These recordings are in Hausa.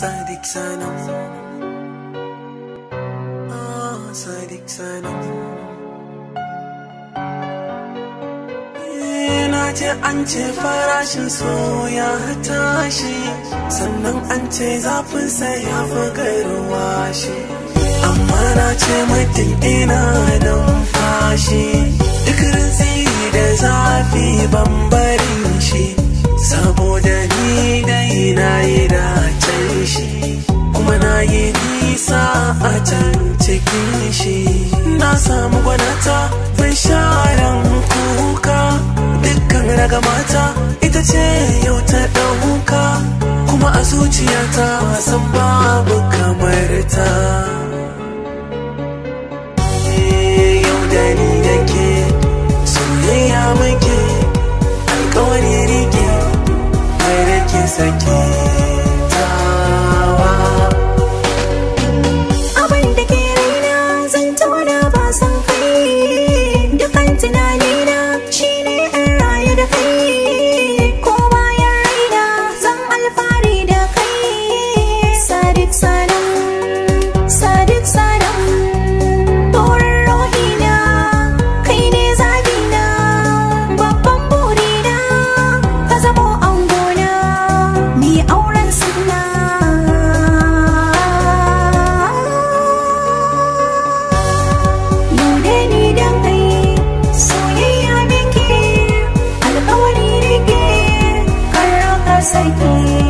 Sadık sanam Ah sadık sanam ce eh, an ce farashin soya ya tashi Sannan an ce sai ya fagarwa shi Amma na ce mutum ina fashi Duk rinsi da zafi ban can cikin shi na samu gwanata mai sharan kuka dukkan raga mata ita ce yau ta ɗauka kuma a zuciyata san babu kamar ta eh, yau da ni you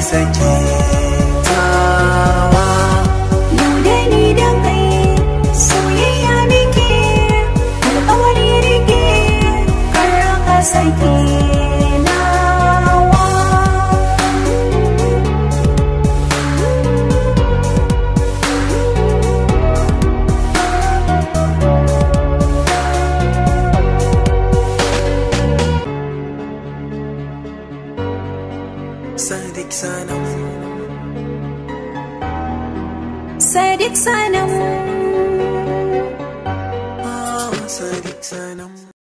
said, sadiq sanam sadiq sanam ah, sadiq